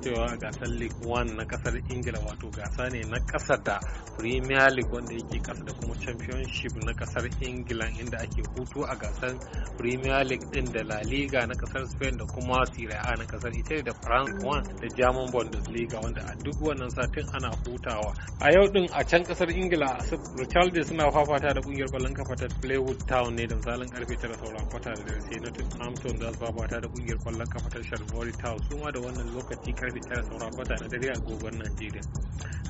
cewa gasar league one na kasar ingila wato gasa ne na kasa da premier league wanda yake kasa da kuma championship na kasar ingila inda ake hutu a gasar premier league din da la liga na kasar spain da kuma serie a na kasar italy da france one da german bundesliga wanda a duk wannan satin ana hutawa a yau din a can kasar ingila richarlison suna fafata da kungiyar kwallon kafa ta playwood town ne da misalin karfe tara sauran kwata da dare sai nottinghamton za su fafata da kungiyar kwallon kafa ta shalvori town su ma da wannan lokaci karfe da sauran kwata na dare agogon najeriya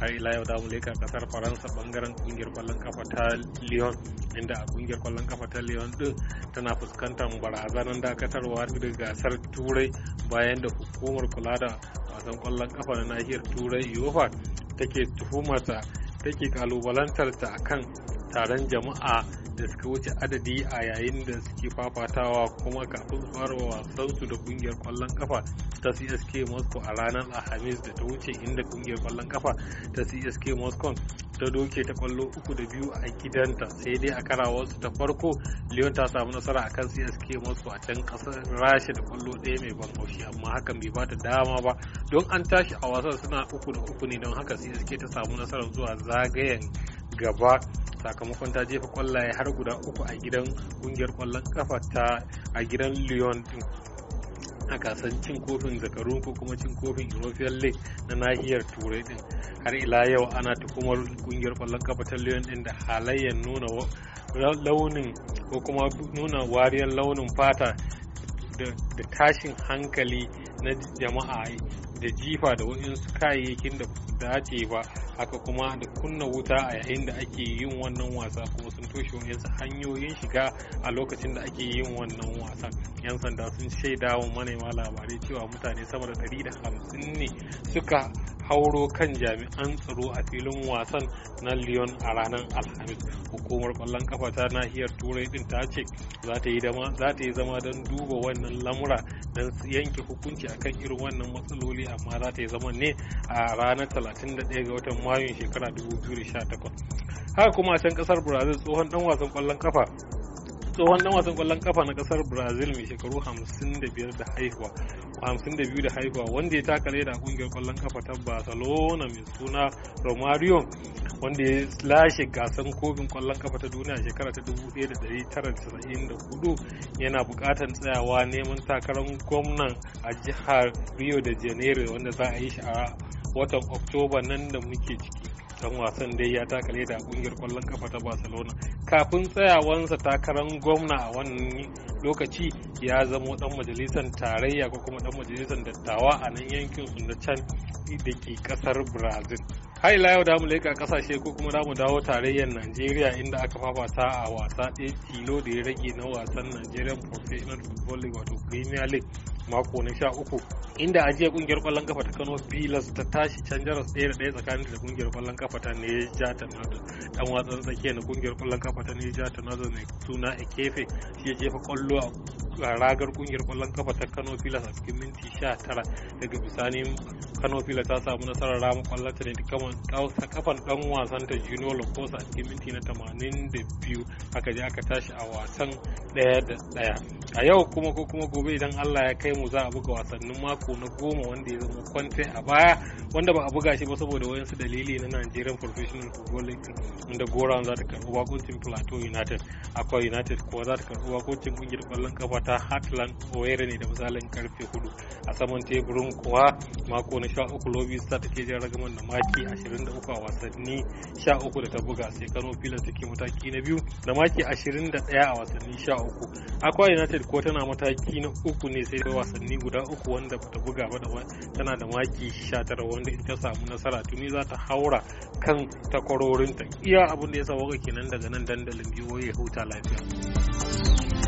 har ila yau damu leka kasar faransa bangaren kungiyar kwallon kafa ta lyon inda a kungiyar kwallon kafa ta lyon din tana fuskantar barazanar dakatarwa daga gasar turai bayan da hukumar kula da wasan kwallon kafa na nahiyar turai uefa take tuhumarta take kalubalantarta akan taron jama'a da suka wuce adadi a yayin da suke fafatawa kuma kafin fara wasansu da kungiyar kwallon kafa ta CSK Moscow a ranar Alhamis da ta wuce inda kungiyar kwallon kafa ta CSK Moscow ta doke ta kwallo uku da biyu a gidanta sai dai a su ta farko Lyon ta samu nasara akan CSK Moscow a can kasar Rasha da kwallo ɗaya mai ban haushi amma hakan bai ba dama ba don an tashi a wasan suna uku da uku ne don haka CSK ta samu nasarar zuwa zagayen gaba sakamakon ta jefa kwallaye har guda uku a gidan kungiyar kwallon kafa ta a gidan lyon din a gasar cin kofin zakarun ko kuma cin kofin european league na nahiyar turai din har ila yau ana tukumar kungiyar kwallon kafa ta lyon din da halayyar nuna launin ko kuma nuna wariyar launin fata da tashin hankali na jama'a da jifa da waɗansu kayayyakin da dace ba haka kuma da kunna wuta a yayin da ake yin wannan wasa kuma sun toshe waɗansu hanyoyin shiga a lokacin da ake yin wannan wasan yan sanda sun shaida wa manema labarai cewa mutane sama da 150 ne suka hauro kan jami'an tsaro a filin wasan na Lyon a ranar Alhamis. Hukumar kwallon kafa ta nahiyar Turai din ta ce za ta yi zama don duba wannan lamura don yanke hukunci akan irin wannan matsaloli amma za ta yi zama ne a ranar 31 ga watan mayu shekara 2018. Haka kuma a can kasar Brazil tsohon dan wasan kwallon kafa tsohon dan wasan kwallon kafa na kasar brazil mai shekaru 55 da haihuwa 52 da haihuwa wanda ya taka leda kungiyar kwallon kafa ta barcelona mai suna romario wanda ya lashe gasan kofin kwallon kafa ta duniya a shekara ta 1994 yana bukatar tsayawa neman takarar gwamnan a jihar rio de janeiro wanda za a yi shi a watan oktoba nan da muke ciki dan wasan dai ya takale a kungiyar kwallon kafa ta barcelona kafin tsayawansa takarar gwamna a wannan lokaci ya zamo dan majalisar tarayya ko kuma dan majalisar dattawa a nan yankin su na can da ke kasar brazil har ila yau mu leka kasashe ko kuma da mu dawo tarayyar najeriya inda aka fafata a wasa ɗaya tilo da ya rage na wasan nigerian professional football league wato premier league mako na sha uku inda ajiye kungiyar kwallon kafa ta kano pilas ta tashi can jaras ɗaya da ɗaya tsakanin da kungiyar kwallon kafa ta ne ja ta dan wasan tsakiya na kungiyar kwallon kafa wata ne ta nazo suna a kefe shi ya jefa kwallo a ragar kungiyar kwallon kafa ta kano filas a cikin minti 19 daga bisani kano filas ta samu nasarar rama kwallon ta ne ta kafan dan wasan ta junior lokosa a cikin minti na 82 aka je aka tashi a wasan daya da daya a yau kuma ko kuma gobe idan allah ya kai mu za a buga wasannin mako na goma wanda ya zama kwante a baya wanda ba a buga shi ba saboda wayansu dalili na nigerian professional football league wanda goron za ta karbi wakocin plateau united akwai united kuwa za ta karbi wakocin kungiyar kwallon kafa ta ta Heartland Owerri ne da misalin karfe 4 a saman teburin kuwa mako na 13 Lobby Star take jan ragaman da maki 23 a wasanni 13 da ta buga sai Kano Pilas take mataki na biyu da maki 21 a wasanni 13 Akwa United ko tana mataki na uku ne sai da wasanni guda uku wanda ta buga ba da tana da maki 19 wanda in ta samu nasara tuni za ta haura kan takwarorin ta iya abin da ya sa waka kenan daga nan dandalin biyo ya huta lafiya. thank you